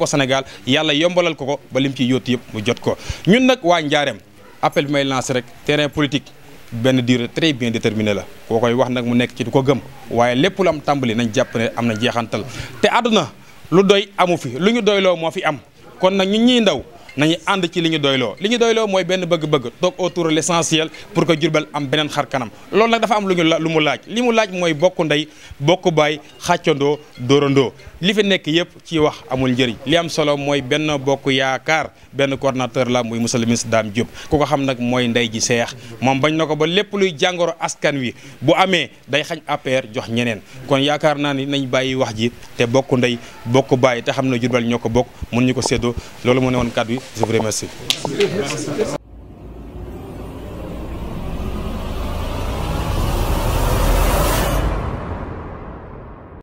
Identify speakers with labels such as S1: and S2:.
S1: ko Sénégal yàlla yombalal ko ko ba lim ciy yóotu yëpp mu jot ko ñun nag waa Njaareem appel bi may lancé rek tere politique benn durée très bien déterminée la koo koy wax nag mu nekk ci du ko gëm waaye lépp lu am tàmbali nañ jàpp ne am na jeexantal te àdduna lu doy amu fi lu ñu doyloo moo fi am kon nag ñun ñiy ndaw nañu ànd ci li ñu doyloo li ñu doyloo mooy benn bëgg-bëgg toog autour de l'essentiel pour que Diourbel am beneen xar kanam loolu nag dafa am lu ñu lu mu laaj li mu laaj mooy bokk ndey bokk bàyyi xàccandoo dóorandoo li fi nekk yëpp ci wax amul njëriñ li am solo mooy benn bokk yaakaar benn coordonnateur la muy monsieur le ministre Dame ko ko xam nag mooy ndey ji seex moom bañ na ko ba lépp luy jàngoro askan wi bu amee day xañ APR jox ñeneen kon yaakaar naa ni nañ bàyyi wax ji te bokk ndey bokk baay te xam ne Diourbel ñoo ko bokk mun ñu ko séddoo loolu moo ne woon yi je
S2: vous